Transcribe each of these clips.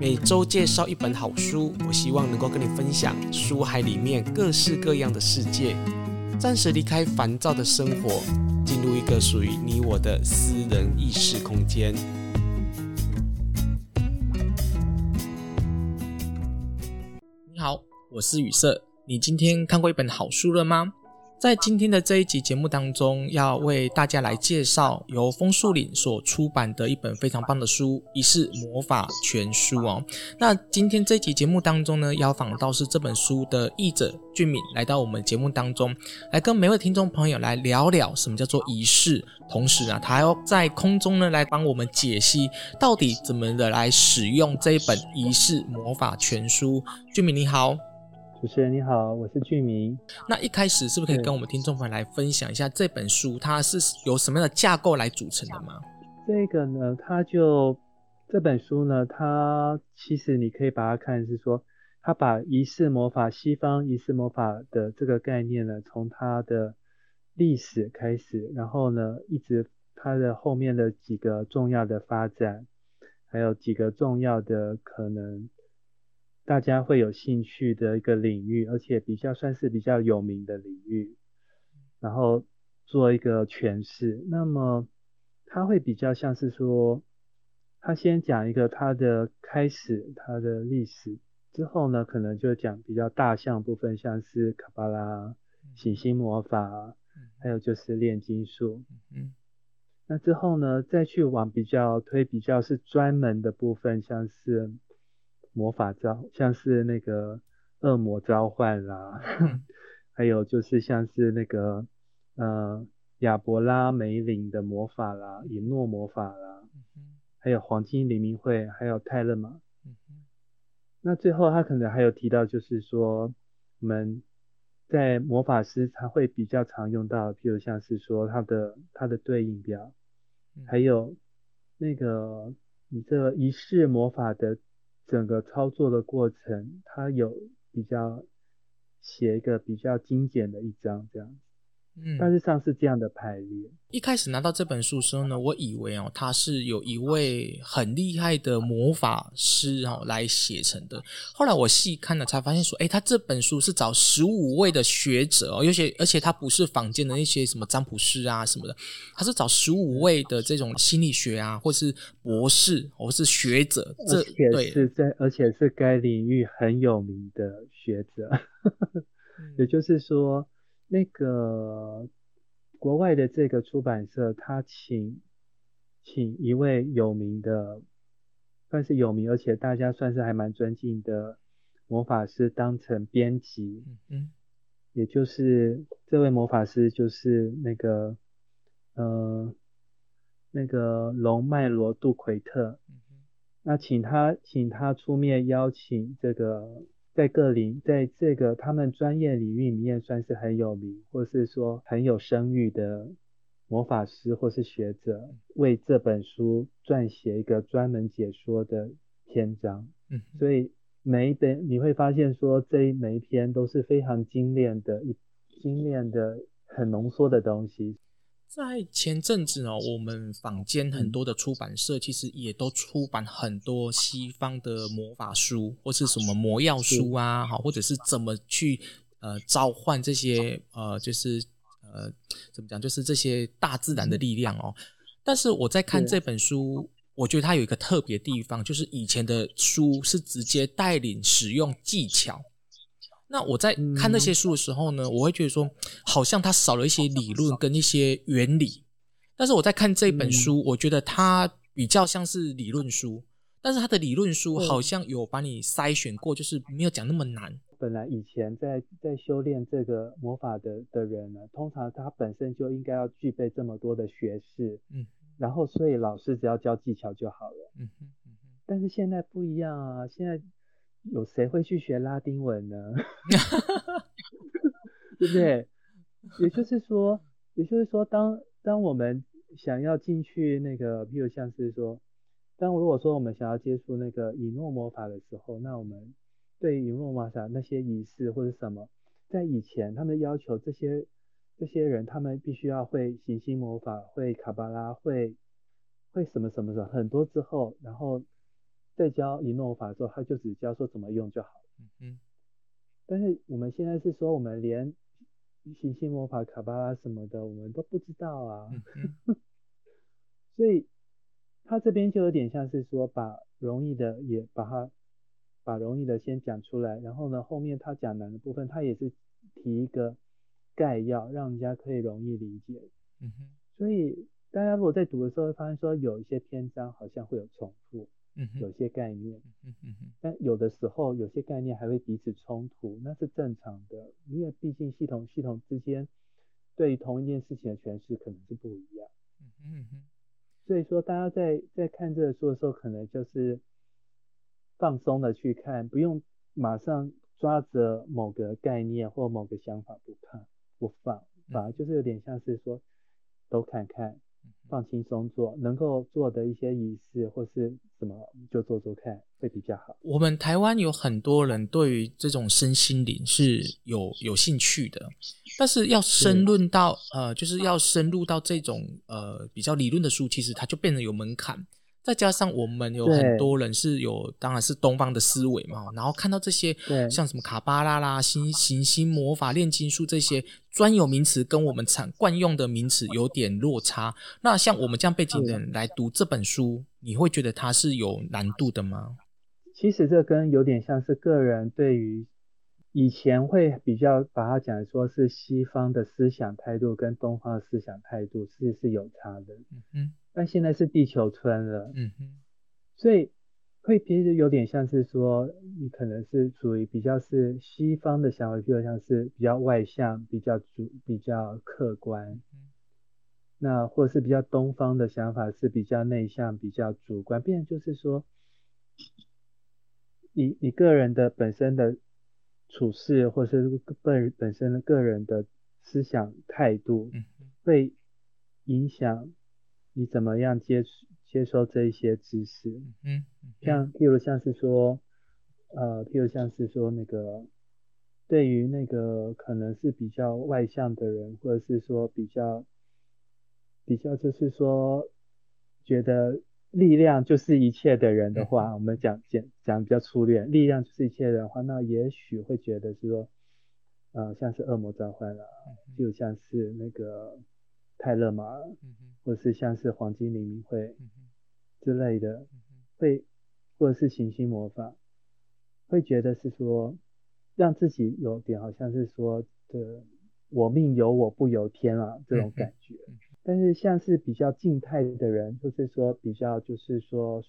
每週介紹一本好書，我希望能夠跟你分享書海裡面各式各樣的世界，暫時離開煩躁的生活，進入一個屬於你我的私人意識空間。你好，我是宇色，你今天看過一本好書了嗎？在今天的這一集節目當中，要為大家來介紹由楓樹林所出版的一本非常棒的書，《儀式魔法全書》哦。那今天這一集節目當中呢，邀訪到，是這本書的譯者俊銘來到我們節目當中，來跟每位聽眾朋友來聊聊什麼叫做儀式，同時呢，他還要在空中呢來幫我們解析到底怎麼的來使用這一本《儀式魔法全書》。俊銘你好。主持人你好，我是俊銘。那一開始是不是可以跟我們聽眾朋友來分享一下這本書，它是由什麼樣的架構來組成的嗎？這個呢，它就這本書呢，它其實你可以把它看是說，它把儀式魔法、西方儀式魔法的這個概念呢，從它的歷史開始，然後呢，一直它的後面的幾個重要的發展，還有幾個重要的可能。大家會有興趣的一個領域，而且比較算是比較有名的領域，然後做一個詮釋。那麼他會比較像是說，他先講一個他的開始，他的歷史，之後呢，可能就講比較大項部分，像是卡巴拉、行星魔法，還有就是煉金術。嗯，那之後呢，再去往比較推比較是專門的部分，像是。魔法招，像是那個惡魔召喚啦，呵呵，還有就是像是那個呃亞伯拉梅林的魔法啦，以諾魔法啦，嗯、哼還有黃金黎明會，還有泰勒瑪。嗯、哼那最後他可能還有提到，就是說我們在魔法師他會比較常用到，比如像是說他的他的對應表，嗯、哼還有那個你這儀式魔法的。整個操作的過程，它有比較寫一個比較精簡的一章這樣子。但是像是這樣的排列、嗯。一開始拿到這本書的時候呢，我以為哦、喔，他是有一位很厲害的魔法師哦、喔、來寫成的。後來我細看了，才發現說，哎、欸，他這本書是找十五位的學者、喔，有些而且他不是坊間的那些什麼占卜師啊什麼的，他是找十五位的這種心理學啊，或是博士或是學者，這對，而且是在而且是該領域很有名的學者。 嗯、也就是說。那個國外的這個出版社，他請請一位有名的，算是有名，而且大家算是還蠻尊敬的魔法師當成編輯。嗯，也就是這位魔法師就是那個，呃，那個隆麥羅杜奎特。嗯，那請他請他出面邀請這個。在各領，在這個在他們專業領域裡面算是很有名，或是說很有聲譽的魔法師，或是學者，為這本書撰寫一個專門解說的篇章。嗯、哼所以每一本你會發現說，這每一每篇都是非常精煉的一精煉的很濃縮的東西。在前陣子哦，我們坊間很多的出版社其實也都出版很多西方的魔法書或是什麼魔藥書啊，好，對，或者是怎麼去呃召喚這些呃就是呃怎麼講，就是這些大自然的力量哦。但是我在看這本書，對我覺得它有一個特別地方，就是以前的書是直接帶領使用技巧。那我在看那些書的時候呢，嗯、我會覺得說，好像它少了一些理論跟一些原理。哦、但是我在看這本書，嗯、我覺得它比較像是理論書，但是它的理論書好像有把你篩選過，對就是沒有講那麼難。本來以前在在修煉這個魔法的的人呢，通常他本身就應該要具備這麼多的學識，嗯，然後所以老師只要教技巧就好了。嗯哼，但是現在不一樣啊，現在。有誰會去學拉丁文呢？ 對不對？也就是說，也就是說當，當當我們想要進去那個，比如像是說，當如果說我們想要接觸那個以諾魔法的時候，那我們對於以諾魔法那些儀式或者什麼，在以前他們要求這些這些人，他們必須要會行星魔法，會卡巴拉，會會什麼什麼的什麼很多之後，然後。在教以諾法之後，他就只教說怎麼用就好了。嗯哼。但是我們現在是說，我們連行星魔法、卡巴拉什麼的，我們都不知道啊。嗯哼。 所以他這邊就有點像是說，把容易的也把它把容易的先講出來，然後呢，後面他講難的部分，他也是提一個概要，讓人家可以容易理解。嗯哼。所以大家如果在讀的時候，會發現說有一些篇章好像會有重複。有些概念，但有的時候有些概念還會彼此衝突，那是正常的，因為畢竟系統系統之間對於同一件事情的詮釋可能是不一樣。嗯，所以說大家在在看這個書的時候，可能就是放鬆的去看，不用馬上抓着某個概念或某個想法不看不放，反而就是有點像是說都看看。放輕鬆做，能夠做的一些儀式或是什麼，就做做看會比較好。我們台灣有很多人對於這種身心靈是有有興趣的，但是要深入到是呃，就是要深入到這種呃比較理論的書，其實它就變得有門檻。再加上我們有很多人是有，對當然是東方的思維嘛，然後看到這些像什麼卡巴拉啦、星對行星魔法、煉金術這些專有名詞，跟我們常慣用的名詞有點落差。那像我們這樣背景的人來讀這本書，你會覺得它是有難度的嗎？其實這跟有點像是個人對於。以前會比較把它講說是西方的思想態度跟東方的思想態度是是有差的，嗯哼，但現在是地球村了，嗯哼，所以會其實有點像是說你可能是屬於比較是西方的想法，比較像是比較外向、比較主、比較客觀，嗯、那或者是比較東方的想法是比較內向、比較主觀。變，就是說，你你個人的本身的。處事，或是本本身的個人的思想態度，會影響你怎麼樣接接受這一些知識。嗯，像，譬如像是說，呃，譬如像是說那個，對於那個可能是比較外向的人，或者是說比較，比較就是說，覺得。力量就是一切的人的話，我們講講講比較粗略，力量就是一切的話，那也許會覺得是說，呃，像是惡魔召喚了，就像是那個泰勒瑪，或是像是黃金黎明會之類的，會或者是行星魔法，會覺得是說，讓自己有點好像是說的，我命由我不由天啊，這種感覺。但是像是比較靜態的人，或是說比較就是說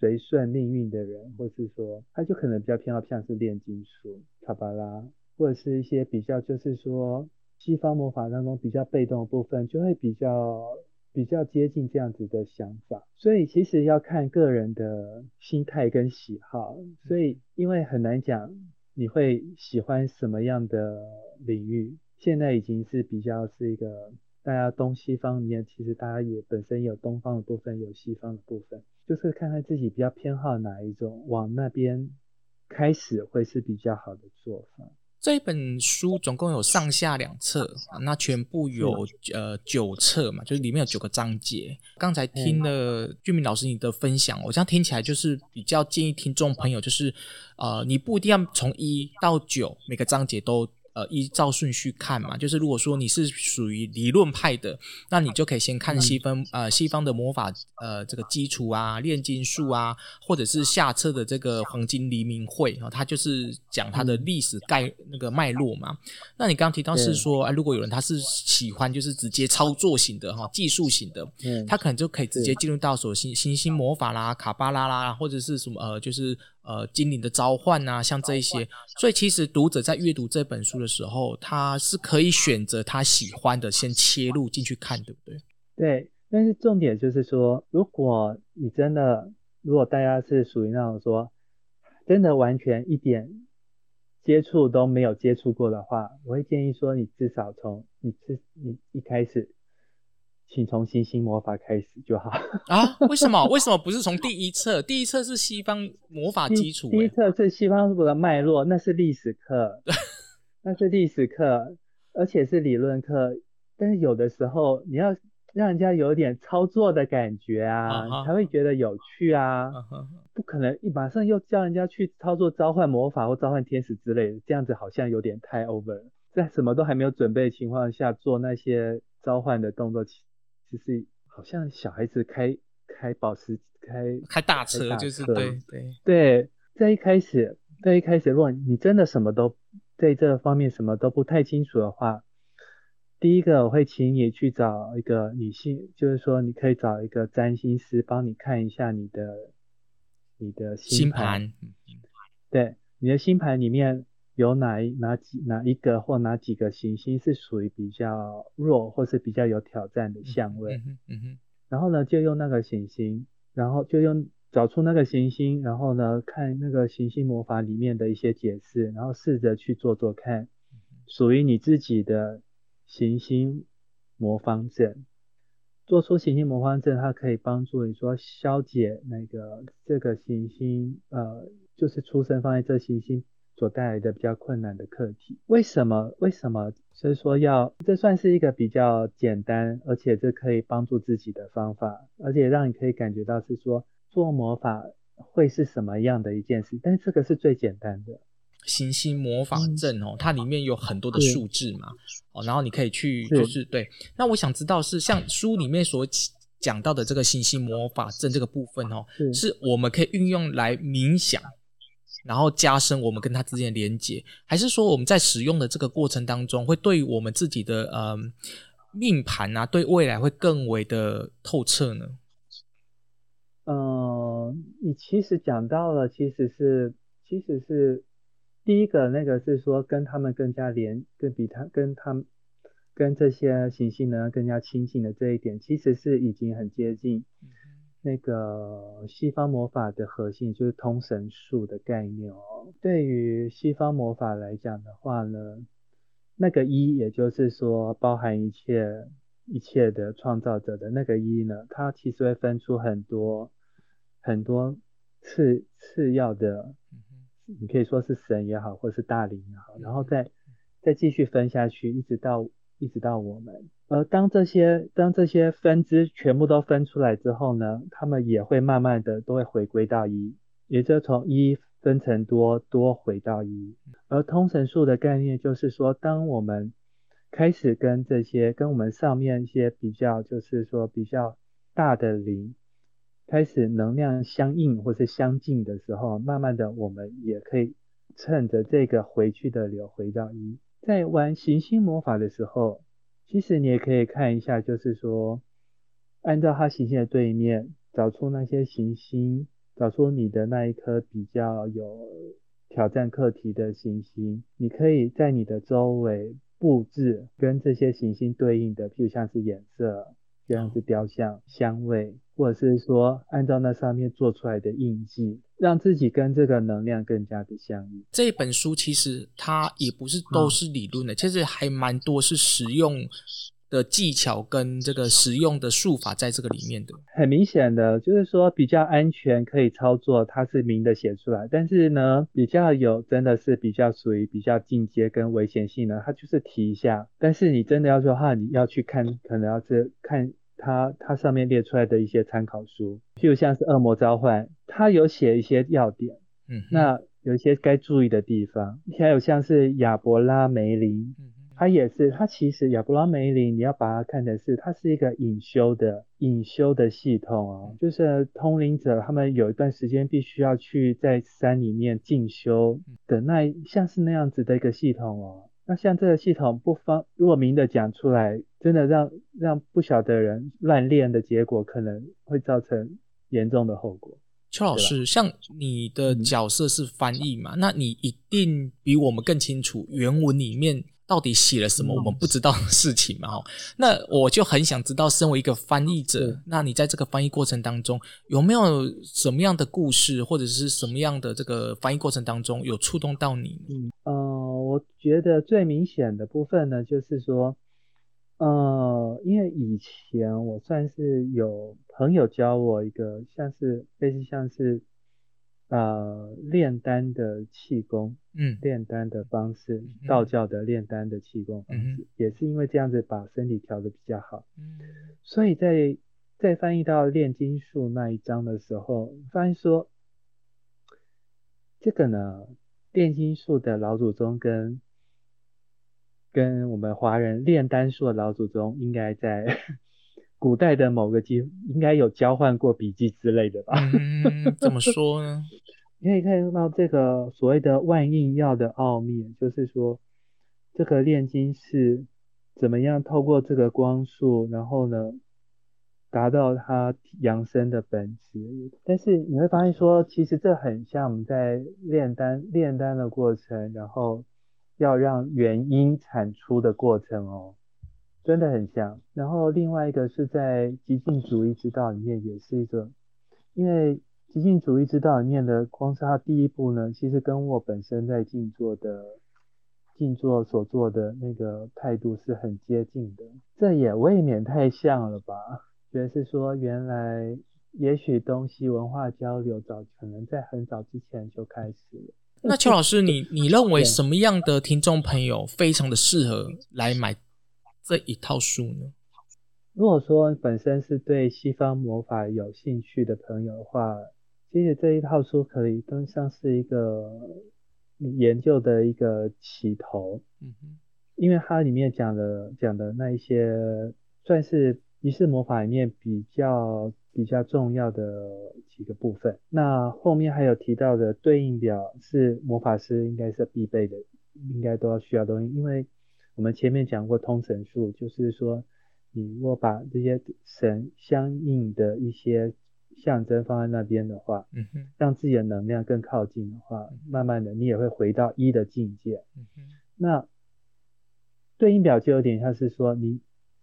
隨順命運的人，或是說他就可能比較偏好像是煉金術、卡巴拉，或者是一些比較就是說西方魔法當中比較被動的部分，就會比較比較接近這樣子的想法。所以其實要看個人的心態跟喜好，所以因為很難講你會喜歡什麼樣的領域。現在已經是比較是一個。大家東西方裡面，其實大家也本身也有東方的部分，有西方的部分，就是看看自己比較偏好哪一種，往那邊開始會是比較好的做法。這一本書總共有上下兩冊是、啊，那全部有嗎呃九冊嘛，就是裡面有九個章節。剛才聽了俊銘老師你的分享，嗯、我這樣聽起來就是比較建議聽眾朋友，就是呃你不一定要從一到九每個章節都。呃，依照順序看嘛，就是如果說你是屬於理論派的，那你就可以先看西方呃西方的魔法呃這個基礎啊，煉金術啊，或者是下冊的這個黃金黎明會啊，它就是講它的歷史概、嗯、那個脈絡嘛。那你剛剛提到是說、嗯呃，如果有人他是喜歡就是直接操作型的哈、啊，技術型的，嗯、他可能就可以直接進入到所謂行星星魔法啦、卡巴拉啦，或者是什麼呃就是。呃，精靈的召喚啊，像這一些，所以其實讀者在閱讀這本書的時候，他是可以選擇他喜歡的先切入進去看，對不對？對，但是重點就是說，如果你真的，如果大家是屬於那種說，真的完全一點接觸都沒有接觸過的話，我會建議說，你至少從你自你一開始。請從行星魔法開始就好啊？為什麼？為什麼不是從第一冊？第一冊是西方魔法基礎、欸。第一冊是西方的脈絡，那是歷史課， 那是歷史課，而且是理論課。但是有的時候你要讓人家有點操作的感覺啊，uh huh. 你才會覺得有趣啊。Uh huh. 不可能馬上又叫人家去操作召喚魔法或召喚天使之類的，這樣子好像有點太 over。在什麼都還沒有準備的情況下做那些召喚的動作起，其。其實好像小孩子開開保時捷開開大車，開大車就是對對對，在一開始，在一開始，如果你真的什麼都對這方面什麼都不太清楚的話，第一個我會請你去找一個女性，就是說你可以找一個占星師幫你看一下你的你的星盤，星盤對你的星盤裡面。有哪哪幾哪一個或哪幾個行星是屬於比較弱，或是比較有挑戰的相位？嗯哼，然後呢就用那個行星，然後就用找出那個行星，然後呢看那個行星魔法裡面的一些解釋，然後試着去做做看，屬於你自己的行星魔方陣。做出行星魔方陣，它可以幫助你說消解那個這個行星，呃，就是出生放在這行星。所帶來的比較困難的課題，為什麼？為什麼？所以說要，這算是一個比較簡單，而且這可以幫助自己的方法，而且讓你可以感覺到是說做魔法會是什麼樣的一件事。但是這個是最簡單的行星魔法陣哦，嗯、它裡面有很多的數字嘛，嗯、哦，然後你可以去就是，是對。那我想知道是像書裡面所講到的這個行星魔法陣這個部分哦，是，是我們可以運用來冥想。然後加深我們跟他之間的連接，還是說我們在使用的這個過程當中，會對我們自己的嗯、呃、命盤啊，對未來會更為的透徹呢？嗯、呃，你其實講到了，其實是其實是第一個那個是說跟他們更加連，更比他跟他們跟這些行星呢更加親近的這一點，其實是已經很接近。那個西方魔法的核心就是通神術的概念哦。對於西方魔法來講的話呢，那個一，也就是說包含一切一切的創造者的那個一呢，它其實會分出很多很多次次要的，你可以說是神也好，或是大靈也好，然後再再繼續分下去，一直到。一直到我們，而當這些當這些分支全部都分出來之後呢，它們也會慢慢的都會回歸到一，也就從一分成多，多回到一。而通神術的概念就是說，當我們開始跟這些跟我們上面一些比較就是說比較大的零開始能量相應或是相近的時候，慢慢的我們也可以趁着這個回去的流回到一。在玩行星魔法的時候，其實你也可以看一下，就是說，按照它行星的對面，找出那些行星，找出你的那一顆比較有挑戰課題的行星，你可以在你的周圍布置跟這些行星對應的，譬如像是顏色，就像是雕像，香味。或者是說，按照那上面做出來的印記，讓自己跟這個能量更加的相應。這本書其實它也不是都是理論的，嗯、其實還蠻多是實用的技巧跟這個實用的術法在這個裡面的。很明顯的就是說比較安全可以操作，它是明的寫出來。但是呢，比較有真的是比較屬於比較進階跟危險性的，它就是提一下。但是你真的要說話，你要去看，可能要去看。它它上面列出來的一些參考書，譬如像是《惡魔召喚》，它有寫一些要點，嗯哼，那有一些該注意的地方，還有像是《亞伯拉梅林》，嗯，它也是，它其實《亞伯拉梅林》，你要把它看成是它是一個隱修的隱修的系統哦，就是通靈者他們有一段時間必須要去在山裡面進修的，那像是那樣子的一個系統哦。那像這個系統不方若明的講出來，真的讓讓不曉得的人亂練的結果，可能會造成嚴重的後果。邱老師，是吧？像你的角色是翻譯嘛？嗯、那你一定比我們更清楚原文裡面到底寫了什麼。我們不知道的事情嘛？哈、嗯，那我就很想知道，身為一個翻譯者，嗯、那你在這個翻譯過程當中，有沒有什麼樣的故事，或者是什麼樣的這個翻譯過程當中，有觸動到你？嗯。覺得最明顯的部分呢，就是說，呃，因為以前我算是有朋友教我一個，像是類似像是，呃，煉丹的氣功，嗯，煉丹的方式，道教的煉丹的氣功方式，嗯，也是因為這樣子把身體調的比較好，嗯，所以在在翻譯到煉金術那一章的時候，翻譯說，這個呢，煉金術的老祖宗跟跟我們華人煉丹術的老祖宗應該在古代的某個機應該有交換過筆記之類的吧？嗯，怎麼說呢？ 你可以看到這個所謂的萬應藥的奧秘，就是說，這個煉金是怎麼樣透過這個光束，然後呢，達到它養生的本質。但是你會發現說，其實這很像我們在煉丹煉丹的過程，然後。要讓原因產出的過程哦，真的很像。然後另外一個是在極靜主義之道裡面也是一個，因為極靜主義之道裡面的光是它第一步呢，其實跟我本身在靜坐的靜坐所做的那個態度是很接近的。這也未免太像了吧？覺得是說，原來也許東西文化交流早可能在很早之前就開始了。那邱老師，你你認為什麼樣的聽眾朋友非常的適合來買這一套書呢？如果說本身是對西方魔法有興趣的朋友的話，其實這一套書可以更像是一個研究的一個起頭，嗯哼，因為它裡面講的講的那一些算是儀式魔法裡面比較。比較重要的幾個部分，那後面還有提到的對應表是魔法師應該是必備的，應該都要需要東西，因為我們前面講過通神術，就是說你如果把這些神相應的一些象徵放在那邊的話，嗯哼，讓自己的能量更靠近的話，慢慢的你也會回到一的境界。嗯哼，那對應表就有點像是說你。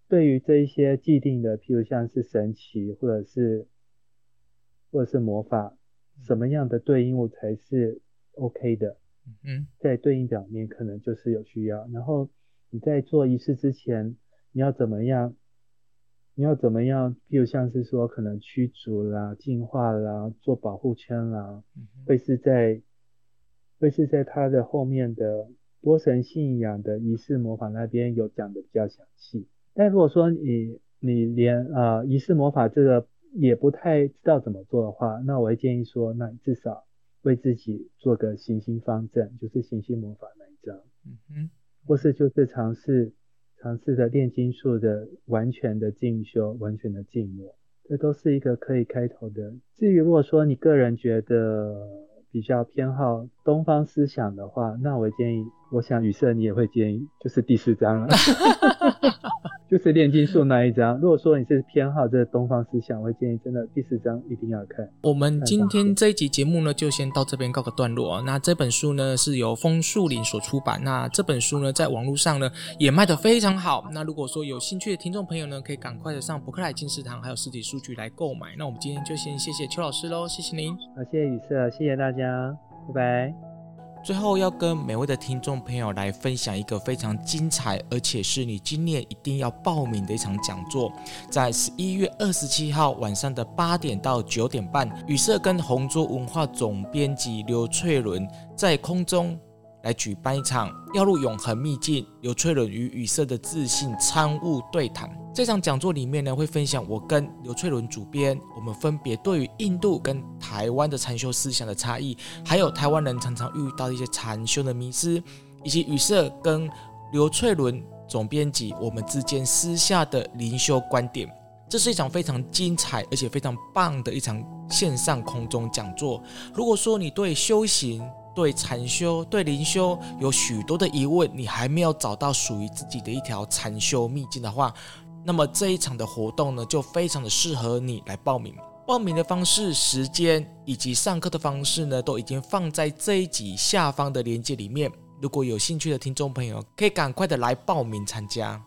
對於這一些既定的，譬如像是神奇，或者是或者是魔法，什麼樣的對應物才是 OK 的？嗯，在對應表面可能就是有需要。然後你在做儀式之前，你要怎麼樣？你要怎麼樣？譬如像是說，可能驅逐啦、淨化啦、做保護圈啦，嗯哼，會是在會是在它的後面的多神信仰的儀式魔法那邊有講的比較詳細。但如果說你你連呃儀式魔法這個也不太知道怎麼做的話，那我會建議說，那你至少為自己做個行星方陣，就是行星魔法那一章。嗯哼，或是就是嘗試嘗試著煉金術的完全的進修，完全的靜默，這都是一個可以開頭的。至於如果說你個人覺得比較偏好東方思想的話，那我建議。我想宇色你也會建議，就是第四章了，啊， 就是煉金術那一章。如果說你是偏好這個東方思想，我會建議真的第四章一定要看。看我們今天這一集節目呢，就先到這邊告個段落。哦、那這本書呢是由楓樹林所出版，那這本書呢在網絡上呢也賣得非常好。那如果說有興趣的聽眾朋友呢，可以趕快的上博客來、金石堂、還有實體書局來購買。那我們今天就先謝謝邱老師嘍，謝謝您。好，謝謝宇色，謝謝大家，拜拜。最後要跟每位的聽眾朋友來分享一個非常精彩，而且是你今年一定要報名的一場講座，在十一月二十七號晚上的八點到九點半，宇色跟紅桌文化總編輯劉粹倫在空中來舉辦一場躍入永恆祕境，劉粹倫與宇色的自性參問對談。這場講座裡面呢，會分享我跟劉粹倫主編，我們分別對於印度跟台灣的禪修思想的差異，還有台灣人常常遇到的一些禪修的迷思，以及宇色跟劉粹倫總編輯我們之間私下的靈修觀點。這是一場非常精彩而且非常棒的一場線上空中講座。如果說你對修行、對禪修、對靈修有許多的疑問，你還沒有找到屬於自己的一條禪修秘境的話，那麼這一場的活動呢，就非常的適合你來報名。報名的方式、時間以及上課的方式呢，都已經放在這一集下方的鏈接裡面。如果有興趣的聽眾朋友，可以趕快的來報名參加。